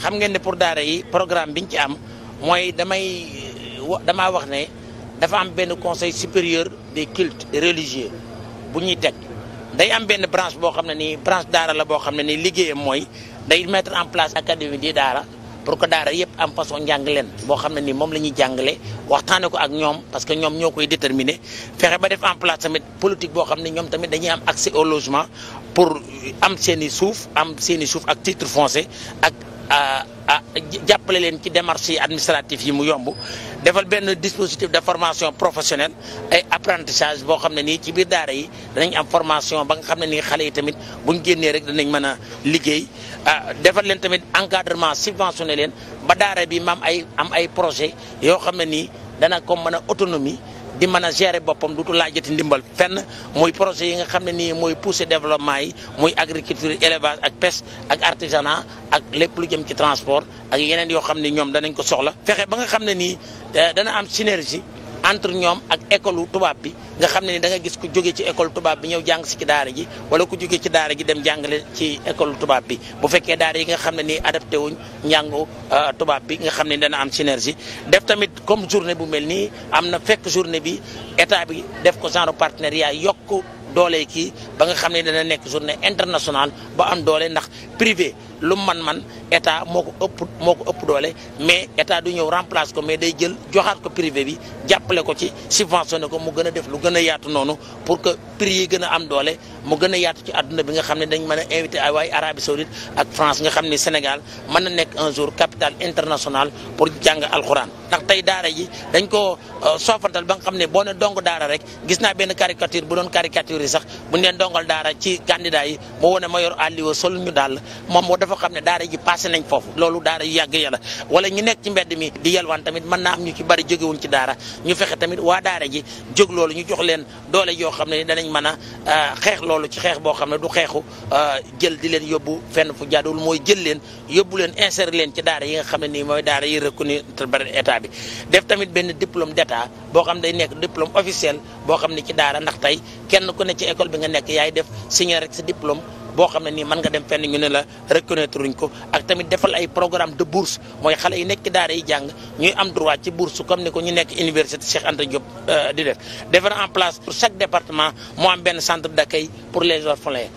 xam ngeen ne pour daara yi programme biñ ci am mooy damay damaa wax ne dafa am benn conseil supérieur des de religieux bu ñuy teg day am benn branche boo xam ne nii branche daara la boo xam ne nii liggéeyam mooy day mettre en place académie di daara pour que daara yëpp am façon leen boo xam ne ni moom la ñuy jàngale waxtaane ko ak ñoom parce que ñoom ñoo koy déterminer fexe ba def en place tamit politique boo xam ne ñoom tamit dañuy am accès au logement pour am seen i suuf am seeni suuf ak titre foncier ak euh, jàppale leen ci démarches yi administratives yi mu yomb defal benn dispositif de formation professionnel ay apprentissage boo xam ne nii ci biir daara yi danañ am formation ba nga xam ne nii xale yi tamit buñ génnee rek danañ mën a liggéey ah defal leen tamit encadrement subventionné leen ba daara bi maam ay am ay projet yoo xam ne nii dana ko mën a autonomie di mën a gérer boppam dutu laajati ndimbal fenn muy projet yi nga xam ne nii mooy pousser développement yi muy agriculture élevage ak pêche ak artisanat ak lépp lu jëm ci transport ak yeneen yoo xam ne ñoom danañ ko soxla fexe ba nga xam ne nii eh, dana am synergie entre ñoom ak école tubaab bi nga xam ne ni da nga gis ku jóge ci école tubaab bi ñëw jàng si ci daara ji wala ku jóge ci daara ji dem jàngale ci école tubaab bi bu fekkee daara yi nga xam ne nii adapté wuñ njàngu euh, tubaab bi nga xam ne dana am synergie def tamit comme journée bu mel nii am na fekk journée bi état bi def ko genre partenariat yokk doole kii ba nga xam ne dana nekk journée internationale ba am doole ndax privé lu man-man état moo ko ëpp moo ko ëpp doole mais état du ñëw remplace ko mais day jël joxaat ko privé bi jàppale ko ci subventionné ko mu gën a def lu gën a yaatu noonu pour que prix yi gën a am doole mu gën a yaatu ci àdduna bi nga xam ne dañ mën a invité ay waay Arabie Saoudite ak France nga xam ni Sénégal mën na nekk un jour capitale internationale pour jàng alxuraan ndax tey daara ji dañ ko euh, soofantal ba nga xam ne boo na dong daara rek gis naa benn caricature bu doon caricature yi sax buñ leen dongal daara ci candidat yi moo wone mayor Aliou sol ñu daal moom moo dafa xam ne daara ji passé nañ foofu loolu daara yu yàgg yàlla wala ñu nekk ci mbedd mi di yelwaan tamit mën naa am ñu ci bari jógewuñ ci daara ñu fexe tamit waa daara ji jóg loolu ñu jox leen doole joo xam ne danañ mën a euh, xeex loolu ci xeex boo xam ne du xeexu euh, jël di leen yóbbu fenn fu jaaduwul mooy jël leen yóbbu leen insérer leen ci daara yi nga xam ne nii mooy daara yi reconnu par état état bi def tamit benn diplôme d'état boo xam day nekk diplôme officiel boo xam ne ci daara ndax tey kenn ku ne ci école bi nga nekk yaay def signé rek sa diplôme boo xam ne nii mën nga dem fenn ñu ne la reconnaître luñ ko ak tamit defal ay programme de bourse mooy xale yi nekk ci daara yi jàng ñuy am droit ci bourse comme ni ko ñu nekk université Cheikh Anta Diop euh, di def def na en place pour chaque département moo am benn centre d'accueil pour les orphelins